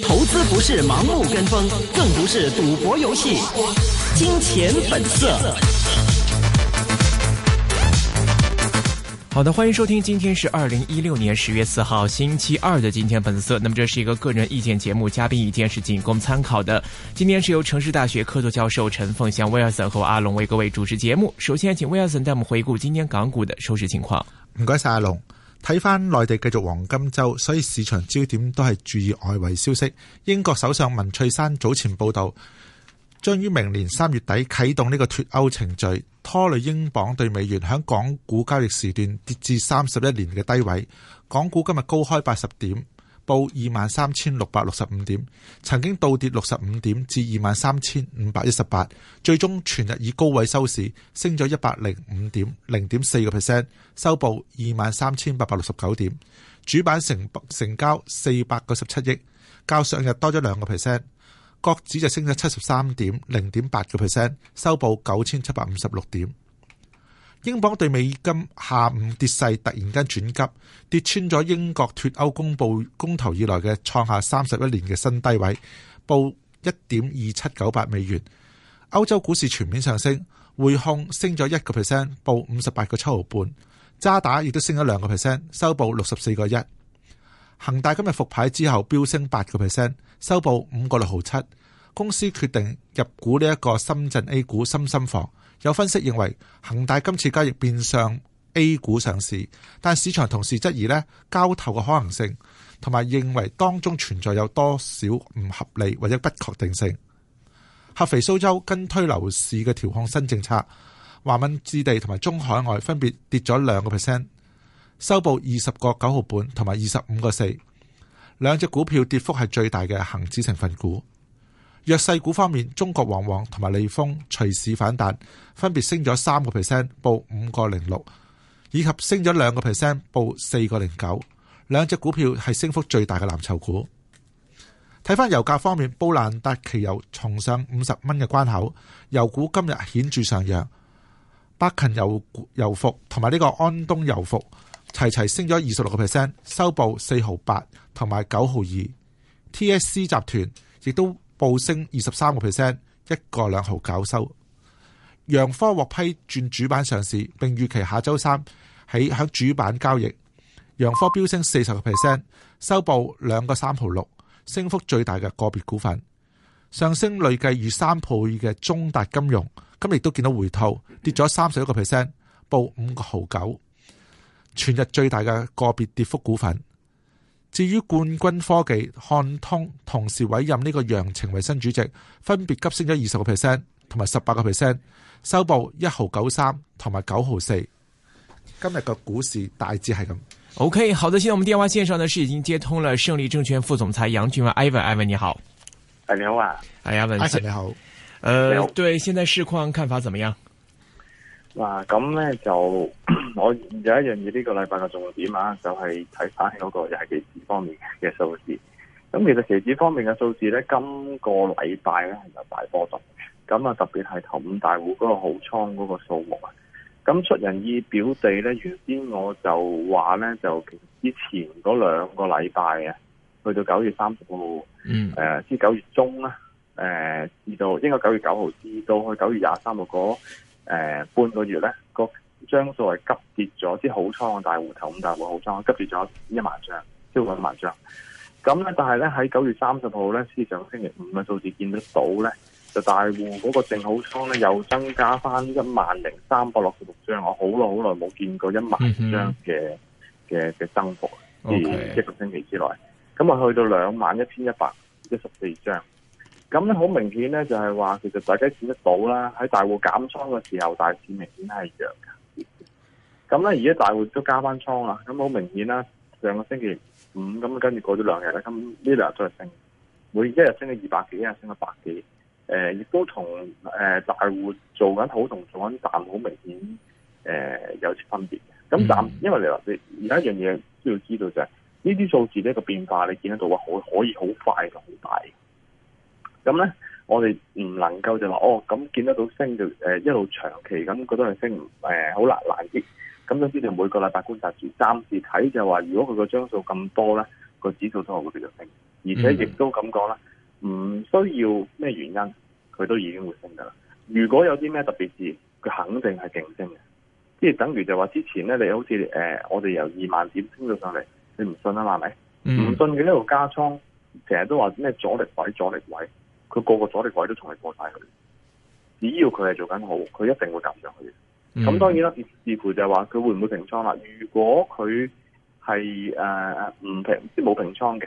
投資不是盲目跟風，更不是賭博遊戲。金錢本色。好的，歡迎收聽，今天是二零一六年十月四號星期二的金錢本色。那麼這是一個個人意見節目，嘉賓意見是僅供參考的。今天是由城市大學客座教授陳鳳翔 Wilson 和阿龍為各位主持節目。首先，請 Wilson 帶我們回顧今天港股的收市情況。唔該晒阿龍。睇返內地繼續黃金周，所以市場焦點都係注意外圍消息。英國首相文翠珊早前報道，將於明年三月底啟動呢個脱歐程序，拖累英鎊對美元喺港股交易時段跌至三十一年嘅低位。港股今日高開八十點。報二萬三千六百六十五點，曾經倒跌六十五點至二萬三千五百一十八，最終全日以高位收市升，升咗一百零五點零點四個 percent，收報二萬三千八百六十九點。主板成成交四百九十七億，較上日多咗兩個 percent。國指就升咗七十三點零點八個 percent，收報九千七百五十六點。英鎊對美金下午跌勢突然間轉急，跌穿咗英國脱歐公布公投以來嘅創下三十一年嘅新低位，報一點二七九八美元。歐洲股市全面上升，匯控升咗一個 percent，報五十八個七毫半。渣打亦都升咗兩個 percent，收報六十四個一。恒大今日復牌之後飆升八個 percent，收報五個六毫七。公司決定入股呢一個深圳 A 股深深房。有分析認為，恒大今次交易變相 A 股上市，但市場同時質疑呢交投嘅可能性，同埋認為當中存在有多少唔合理或者不確定性。合肥蘇州跟推樓市嘅調控新政策，華文置地同埋中海外分別跌咗兩個 percent，收報二十個九毫半同埋二十五個四，兩隻股票跌幅係最大嘅恒指成分股。弱勢股方面，中國旺旺同埋利豐隨市反彈，分別升咗三個 percent，報五個零六，以及升咗兩個 percent，報四個零九。兩隻股票係升幅最大嘅藍籌股。睇返油價方面，布蘭達期油重上五十蚊嘅關口，油股今日顯著上揚。北勤油油服同埋呢個安東油服齊齊升咗二十六個 percent，收報四毫八同埋九毫二。T S C 集團亦都。報升二十三個 percent，一個兩毫九收。洋科獲批轉主板上市，並預期下周三喺響主板交易。洋科飆升四十個 percent，收報兩個三毫六，升幅最大嘅個別股份。上升累計逾三倍嘅中達金融，今日都見到回吐，跌咗三十一個 percent，報五個毫九。全日最大嘅個別跌幅股份。至於冠軍科技、漢通同時委任呢個楊晴為新主席，分別急升咗二十個 percent 同埋十八個 percent，收報一毫九三同埋九毫四。今日嘅股市大致係咁。OK，好的，現在我們電話線上呢是已經接通了勝利證券副總裁楊俊文 Ivan，Ivan Ivan, 你好。誒你好啊，誒 Ivan，誒你好。誒、呃，Hello. 對，現在市況看法怎麼樣？嗱，咁咧、啊、就 我有一樣嘢呢個禮拜嘅重點啊，就係睇返嗰個期指方面嘅數字。咁其實期指方面嘅數字咧，今個禮拜咧係有大波動嘅。咁啊，特別係頭五大戶嗰個好倉嗰個數目啊。咁出人意表地咧，原先我就話咧，就其實之前嗰兩個禮拜啊，去到九月三十號，嗯，誒、呃，至九月中啦，誒、呃，至到應該九月九號至到去九月廿三號嗰。誒、呃，半個月咧，個張數係急跌咗，啲好倉嘅大戶頭咁大戶好倉，急跌咗一萬張，超過一萬張。咁咧，但係咧喺九月三十號咧，市場星期五嘅數字見得到咧，就大戶嗰個淨好倉咧又增加翻一萬零三百六十六張，我好耐好耐冇見過一萬張嘅嘅嘅增幅，即係一個星期之內。咁啊，去到兩萬一千一百一十四張。咁咧好明顯咧，就係、是、話其實大家見得到啦，喺大戶減倉嘅時候，大市明顯係弱嘅。咁咧而家大戶都加翻倉啦，咁、嗯、好明顯啦。上個星期五咁，跟住過咗兩日咧，咁呢兩日都係升，每一日升咗二百幾，一日升咗百幾。誒、呃，亦都同誒大戶做緊好同做緊淡，好明顯誒有分別嘅。咁、嗯、淡，嗯、因為你話你而家一樣嘢需要知道就係呢啲數字呢個變化，你見得到啊，可可以好快同好大咁咧，我哋唔能夠就話哦，咁見得到升就誒、呃、一路長期咁覺得係升，誒、呃、好難難啲。咁所以就每個禮拜觀察住，三次，睇就話，如果佢個張數咁多咧，個指數都係會繼續升，而且亦都咁講啦，唔需要咩原因，佢都已經會升㗎啦。如果有啲咩特別事，佢肯定係勁升嘅，即係等於就話之前咧，你好似誒、呃，我哋由二萬點升到上嚟，你唔信啊嘛？係咪、嗯？唔信佢呢度加倉，成日都話咩阻力位、阻力位。佢個個阻力位都仲未過晒佢，只要佢係做緊好，佢一定會夾上去嘅。咁、mm hmm. 當然啦，似乎就係話佢會唔會平倉啦、啊？如果佢係誒唔平，即冇平倉嘅，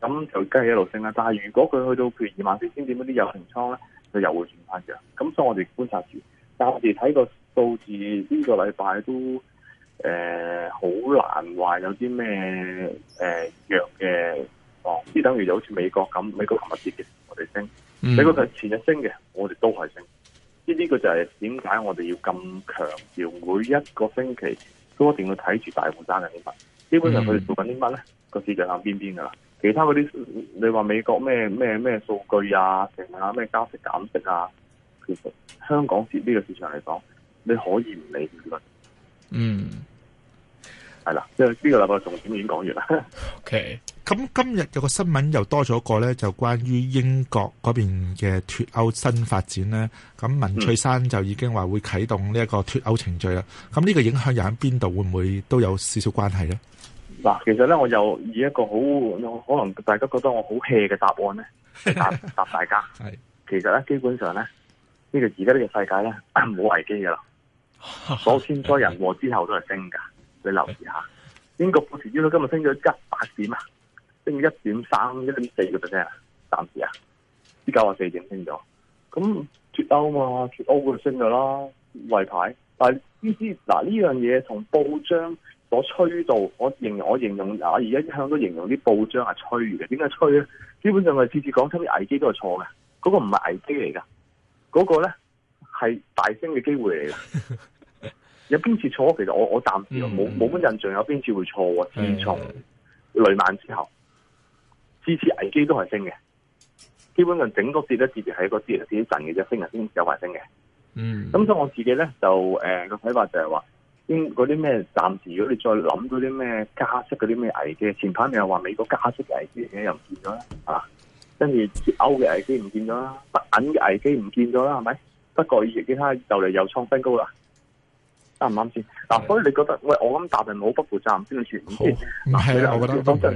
咁就梗係一路升啦、啊。但係如果佢去到譬如二萬四千點嗰啲有平倉咧，佢又會轉翻弱。咁所以我哋觀察住，但係睇個數字呢、這個禮拜都誒好、呃、難話有啲咩誒弱嘅。呃呢、哦、等於就好似美國咁，美國琴日跌嘅，我哋升；嗯、美國佢前日升嘅，我哋都係升。呢啲佢就係點解我哋要咁強調每一個星期都一定要睇住大戶倉嘅呢？塊基本上佢哋做緊啲乜咧？個市場喺邊邊噶啦。其他嗰啲你話美國咩咩咩數據啊，成日咩加息減息啊，其實香港市呢個市場嚟講，你可以唔理。嗯，係啦，即係呢個禮拜重點已經講完啦。OK。咁今日有個新聞又多咗個咧，就關於英國嗰邊嘅脱歐新發展咧。咁文翠珊就已經話會啟動呢一個脱歐程序啦。咁、這、呢個影響又喺邊度？會唔會都有少少關係咧？嗱，其實咧，我又以一個好可能大家覺得我好 hea 嘅答案咧，答答大家。係，其實咧，基本上咧，呢個而家呢個世界咧冇危機噶啦，所有天災人禍之後都係升噶。你留意下，英國股市資料今日升咗一百點啊！升一點三、一點四嘅 percent 啊，暫時啊，依家話四點升咗，咁脱歐嘛，脱歐佢升咗啦，維牌，但呢啲嗱呢樣嘢同報章所吹到，我形容我形容啊，而家一向都形容啲報章係吹嘅，點解吹咧？基本上係次次講出啲危機都係錯嘅，嗰、那個唔係危機嚟㗎，嗰、那個咧係大升嘅機會嚟㗎。 有邊次錯？其實我我暫時冇冇乜印象，有邊次會錯喎？自、嗯嗯嗯、從雷曼之後。次次危機都係升嘅，基本上整個跌咧，跌節喺一個節節震嘅啫，升啊升有埋升嘅。嗯，咁所以我自己咧就誒個睇法就係話，應嗰啲咩暫時，如果你再諗到啲咩加息嗰啲咩危機，前排你又話美國加息危機嘅又唔見咗啦啊，跟住歐嘅危機唔見咗啦，德銀嘅危機唔見咗啦，係咪？不過以前其他就嚟又創新高啦，啱唔啱先？嗱是的、啊，所以你覺得喂我咁答係冇不負責任先唔先？知好，係、啊啊、我覺得講真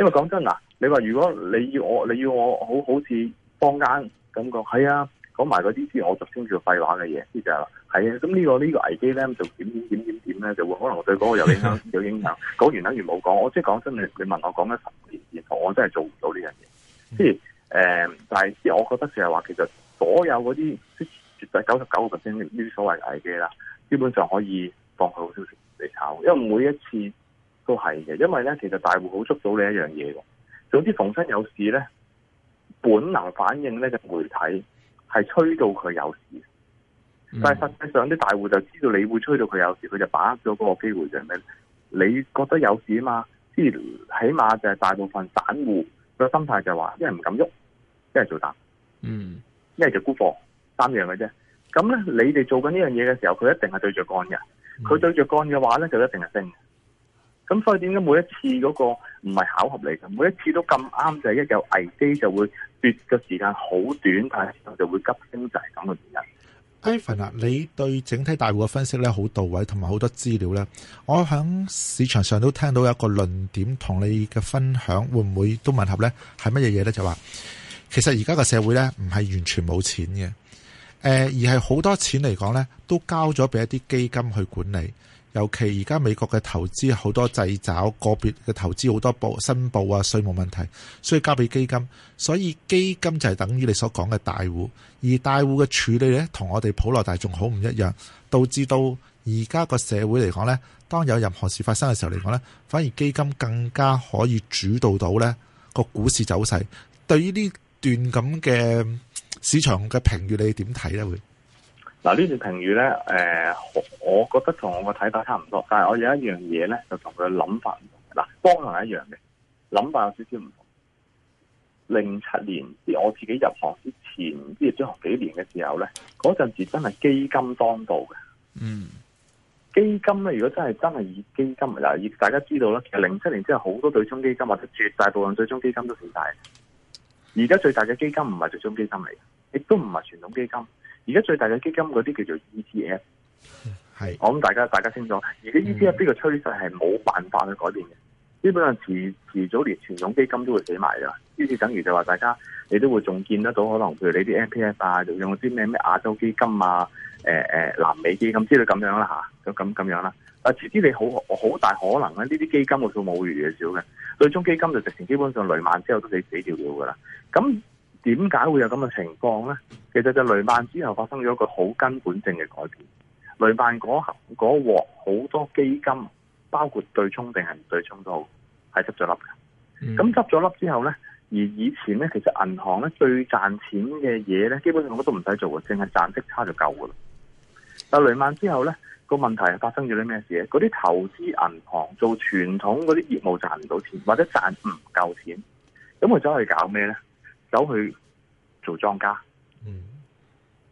因為講真嗱。 你話如果你要我，你要我好好似坊間咁講，係啊，講埋嗰啲啲我俗稱叫廢話嘅嘢，呢就係啦，係啊，咁呢、呢個呢、呢個危機咧就點點點點點咧就會可能我對嗰個有影響，有影響。講完等於冇講，我即係講真你，你問我講咗十年，然後我真係做唔到呢樣嘢，即係誒，就係啲、呃、我覺得就係話其實所有嗰啲絕對九十九個 percent 呢啲所謂危機啦，基本上可以放佢好消息嚟炒，因為每一次都係嘅，因為咧其實大戶好捉到你一樣嘢。總之逢親有事咧，本能反應咧就媒體係吹到佢有事，嗯、但係實際上啲大戶就知道你會吹到佢有事，佢就把握咗嗰個機會就係咩？你覺得有事啊嘛？即係起碼就係大部分散戶個心態就話：一係唔敢喐，一係做淡，嗯，一係就沽貨，三樣嘅啫。咁咧，你哋做緊呢樣嘢嘅時候，佢一定係對着幹嘅。佢對着幹嘅話咧，就一定係升。咁所以點解每一次嗰個唔係巧合嚟嘅，每一次都咁啱就係一有危機就會跌嘅時間好短，但係就會急升就係噉嘅原因。Ivan 啊，你對整體大戶嘅分析咧好到位，同埋好多資料咧，我喺市場上都聽到有一個論點，同你嘅分享會唔會都吻合咧？係乜嘢嘢咧？就話其實而家嘅社會咧唔係完全冇錢嘅，誒而係好多錢嚟講咧都交咗俾一啲基金去管理。尤其而家美國嘅投資好多掣肘，個別嘅投資好多報申報啊、稅務問題，所以交俾基金。所以基金就係等於你所講嘅大戶，而大戶嘅處理咧，同我哋普羅大眾好唔一樣，導致到而家個社會嚟講咧，當有任何事發生嘅時候嚟講咧，反而基金更加可以主導到咧個股市走勢，對於呢段咁嘅市場嘅評語你點睇咧？會。嗱呢段評語咧，誒、呃，我我覺得同我嘅睇法差唔多，但係我有一樣嘢咧，就同佢嘅諗法唔同。嗱，方向係一樣嘅，諗法有少少唔同。零七年，即係我自己入行之前，即係入行幾年嘅時候咧，嗰陣時真係基金當道嘅。嗯，基金咧，如果真係真係以基金，嗱，而大家知道啦，其實零七年之後好多對沖基金或者絕大部分對沖基金都死晒。而家最大嘅基金唔係對沖基金嚟，亦都唔係傳統基金。而家最大嘅基金嗰啲叫做 ETF，係是我諗大家大家清楚，而家 ETF 呢個趨勢係冇辦法去改變嘅，基本上遲遲早連傳統基金都會死埋噶，於是等於就話大家你都會仲見得到，可能譬如你啲 MPF 啊，用啲咩咩亞洲基金啊，誒、呃、誒、呃、南美基金之類咁樣啦吓，咁咁咁樣啦，啊，遲啲你好好大可能咧，呢啲基金會數冇如嘅少嘅，最終基金就直情基本上雷曼之後都死死掉掉噶啦，咁。點解會有咁嘅情況呢？其實就雷曼之後發生咗一個好根本性嘅改變。雷曼嗰行嗰鑊好多基金，包括對沖定係唔對沖都好，係執咗笠嘅。咁執咗笠之後呢，而以前呢，其實銀行呢最賺錢嘅嘢呢，基本上乜都唔使做嘅，淨係賺息差就夠噶啦。但雷曼之後呢，個問題係發生咗啲咩事？嗰啲投資銀行做傳統嗰啲業務賺唔到錢，或者賺唔夠錢，咁佢走去搞咩呢？走去做莊家，嗯，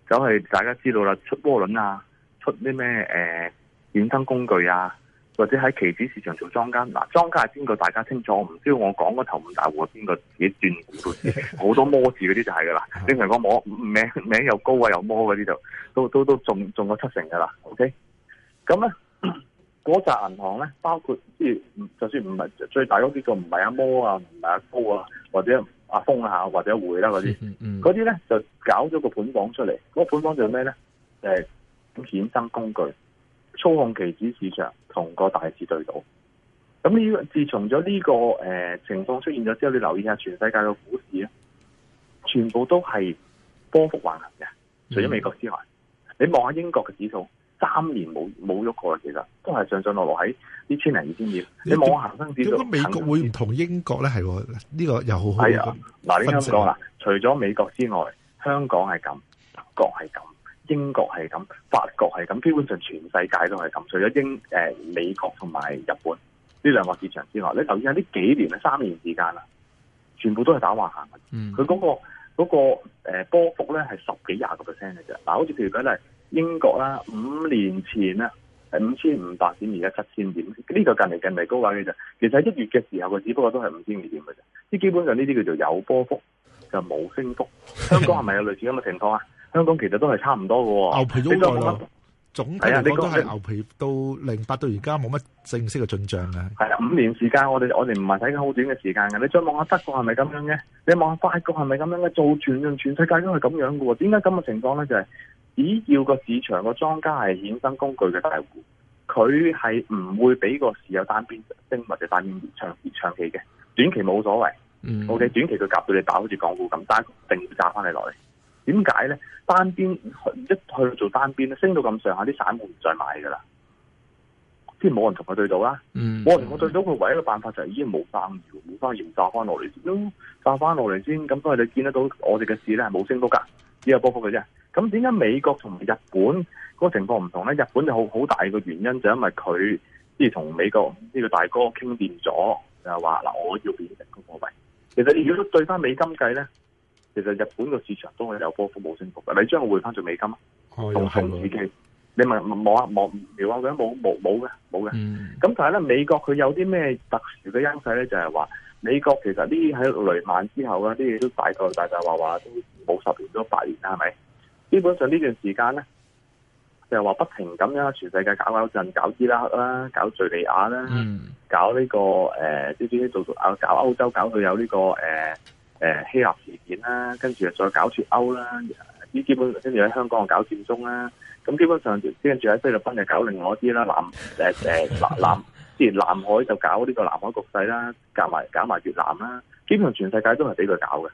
走去大家知道啦，出窩輪啊，出啲咩誒衍生工具啊，或者喺期指市場做莊家。嗱、啊，莊家係邊個大家清楚，唔需要我講。嗰頭五大戶邊 個自己轉股好多摩字嗰啲就係噶啦。正常講摩名名又高啊又摩嗰啲就都都都中中咗七成噶啦。OK，咁咧嗰紮銀行咧，包括即係，就算唔係最大嗰幾個，唔係阿摩啊，唔係阿高啊，或者。啊封下或者匯啦嗰啲，嗰啲咧就搞咗個盤房出嚟，嗰盤房就係咩咧？誒、呃，咁衍生工具操控期指市場同個大市對賭。咁呢、呢個？自從咗呢個誒、呃、情況出現咗之後，你留意下全世界嘅股市啊，全部都係波幅橫行嘅，除咗美國之外， 你望下英國嘅指數。三年冇冇喐過啦，其實都係上上落落喺呢千零二千點。你冇恒生指數。咁美國會唔同英國咧？係喎，呢、呢個又好好的啊！嗱，你啱講啦，除咗美國之外，香港係咁，德國係咁，英國係咁，法國係咁，基本上全世界都係咁。除咗英誒、呃、美國同埋日本呢兩個市場之外，你留意下呢幾年嘅三年時間啦，全部都係打橫行佢嗰、嗯嗰個嗰、嗰個呃、波幅咧係十幾廿個 percent 嘅啫。嗱，好似譬如講咧。例英國啦、啊，五年前咧、啊、係五千五百點而家七千點，呢、這個近嚟近嚟高位嘅就，其實一月嘅時候佢只不過都係五千二點嘅啫，呢基本上呢啲叫做有波幅就冇升幅。香港係咪有類似咁嘅情況啊？香港其實都係差唔多嘅， 牛皮咗咗。總體嚟啊，講都係牛皮，到零八到而家冇乜正式嘅進賬嘅。係啊，五年時間我哋我哋唔係睇緊好短嘅時間嘅，你再望下德國係咪咁樣嘅？你望下法國係咪咁樣嘅？做全全世界都係咁樣嘅，點解咁嘅情況咧？就係、是。只要個市場個莊家係衍生工具嘅大戶，佢係唔會俾個市有單邊升或者單邊長長期嘅，短期冇所謂。嗯、o、okay, K，短期佢夾到你打好，好似港股咁，但係一定要炸翻你落嚟。點解咧？單邊一去做單邊咧，升到咁上下，啲散戶唔再買噶啦，即係冇人同佢對賭啦。嗯，冇人同佢對賭，佢、嗯、唯一嘅辦法就係已經冇生油，冇生油炸翻落嚟先，炸翻落嚟先。咁都係你見得到，我哋嘅市咧係冇升幅噶，只係波幅嘅啫。咁點解美國同日本嗰個情況唔同咧？日本好好大個原因就因為佢即係同美國呢個大哥傾掂咗，就係話嗱，我要變成個貨幣。其實如果對翻美金計咧，其實日本個市場都係有波幅冇升幅嘅。你將我匯翻做美金，同熊市期，你問冇啊冇？苗啊佢冇冇冇嘅冇嘅。咁、嗯、但係咧，美國佢有啲咩特殊嘅因素咧？就係、是、話美國其實呢喺雷曼之後咧，啲嘢都大個大大話話都冇十年都八年啦，係咪？基本上呢段時間咧，就話不停咁樣全世界搞搞震，搞伊拉克啦，搞敍利亞啦，搞呢、這個誒，啲啲做搞歐洲搞到有呢、這個誒誒希臘事件啦，跟住再搞脱歐啦，依基本跟住喺香港搞佔中啦，咁基本上跟住喺菲律賓就搞另外一啲啦，南誒誒 南南即係南海就搞呢個南海局勢啦，夾埋搞埋越南啦，基本上全世界都係俾佢搞嘅。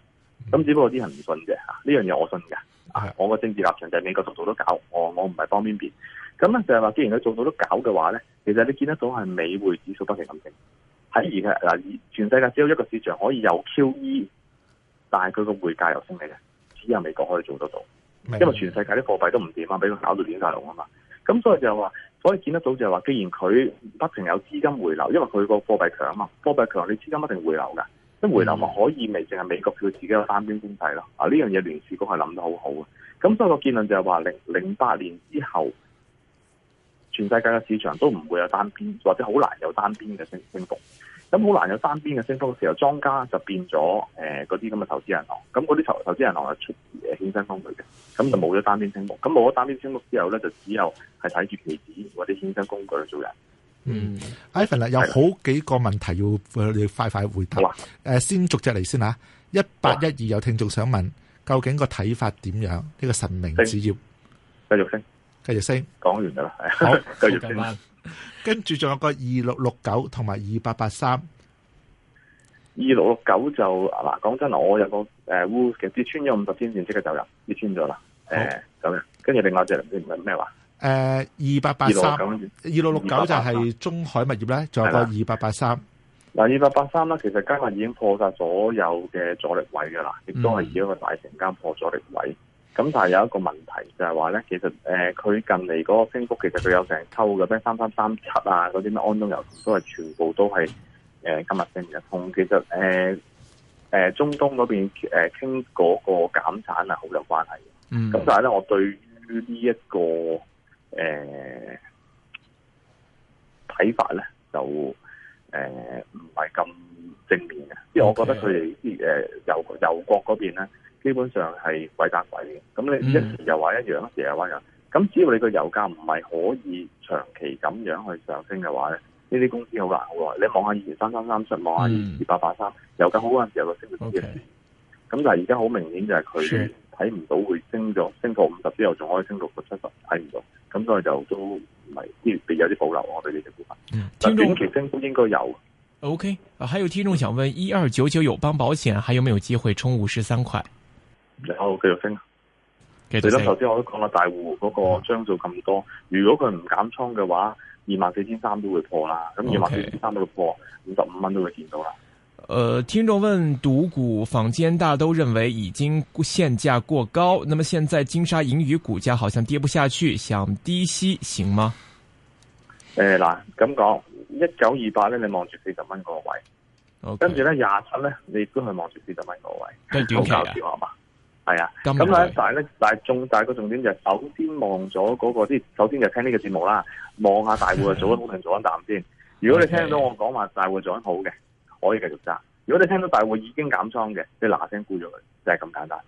咁只不過啲人唔信啫嚇，呢樣嘢我信嘅。的我個政治立場就係美國做到都搞，我我唔係幫邊邊。咁咧就係話，既然佢做到都搞嘅話咧，其實你見得到係美匯指數不停咁升，喺而家嗱，全世界只有一個市場可以有 QE，但係佢個匯價又升嚟嘅，只有美國可以做得到，的因為全世界啲貨幣都唔掂啊，俾佢搞到亂晒龍啊嘛。咁所以就係話，所以見得到就係話，既然佢不停有資金回流，因為佢個貨幣強啊嘛，貨幣強你資金一定回流㗎。咁回流咪可以咪淨係美國票自己有單邊升勢咯？啊，呢樣嘢聯儲局係諗得好好嘅。咁所以個結論就係話零零八年之後，全世界嘅市場都唔會有單邊，或者好難有單邊嘅升升幅。咁好難有單邊嘅升幅嘅時候，莊家就變咗誒嗰啲咁嘅投資銀行。咁嗰啲投投資銀行就係出誒衍生工具嘅，咁就冇咗單邊升幅。咁冇咗單邊升幅之後咧，就只有係睇住期指或者衍生工具去做人。嗯，Ivan 啦，有好幾個問題要你快快回答。誒，先逐隻嚟先吓，一八一二有聽眾想問，究竟個睇法點樣？呢個神明指要繼續升，繼續升。講完噶啦，係啊，繼續升。跟住仲有個二六六九同埋二八八三，二六六九就嗱，講真我有個誒烏，其實跌穿咗五十天線即刻就入，跌穿咗啦。誒，咁樣，跟住另外隻唔係咩話？誒，二八八三，二六六九就係中海物業咧，仲的有個二八八三。嗱，二八八三啦，其實今日已經破晒所有嘅阻力位噶啦，亦都係以一個大成交破阻力位。咁、嗯、但係有一個問題就係話咧，其實誒，佢、呃、近嚟，嗰個升幅，其實佢有成抽嘅，咩三三三七啊，嗰啲咩安東油都係全部都係誒、呃、今日升嘅。同其實誒誒、呃呃、中東嗰邊誒傾嗰個減產啊，好有關係嘅。咁、嗯、但係咧，我對於呢一個。誒，睇、呃、法咧就誒唔係咁正面嘅，即 Okay. 因為我覺得佢哋誒油油國嗰邊咧，基本上係鬼打鬼嘅。咁、mm. 你一時又話一樣，一時又話一樣。咁只要你個油價唔係可以長期咁樣去上升嘅話咧，呢啲公司好難好耐。你望下以前三三三出，望下二八八三，油價好嗰陣時有個 Okay. 升幅都幾靚。咁但係而家好明顯就係佢睇唔到佢升咗，升到五十之後，仲可以升到六十七十，睇唔到。咁所以就都唔係，有啲保留我對呢隻股啊。嗯，但係短期升都應該有。O K，、嗯、啊，okay, 還有聽眾想問：一二九九友邦保險還有沒有機會衝五十三塊？然後、哦、繼續升，其實啦。頭先我都講啦，大戶嗰個張數咁多，嗯、如果佢唔減倉嘅話，二萬四千三都會破啦。咁二萬四千三都會破，五十五蚊都會見到啦。呃，聽眾問賭股，坊間大都認為已經現價過高，那麼現在金沙銀宇股價好像跌不下去，想低吸行嗎？誒嗱、呃，咁講一九二八咧，你望住四十蚊嗰個位，Okay. 跟住咧，廿七咧，你都係望住四十蚊嗰個位，跟住點期啊？係啊，咁咧但係咧，但係重，大個重點就係首先望咗嗰個，即首先就聽呢個節目啦，望下大戶、啊、做得好定做緊淡先。如果你聽到我講話，大戶做緊好嘅。可以繼續揸。如果你聽到大戶已經減倉嘅，你嗱聲沽咗佢，就係咁簡單。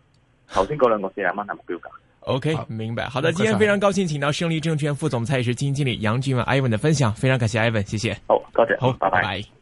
頭先嗰兩個四廿蚊係目標價。OK，明白。好的，我今天非常高興，請到勝利證券副總裁兼基金經理楊俊文 Ivan 嘅分享，非常感謝 Ivan，謝謝。好，多謝。好，bye bye 拜拜。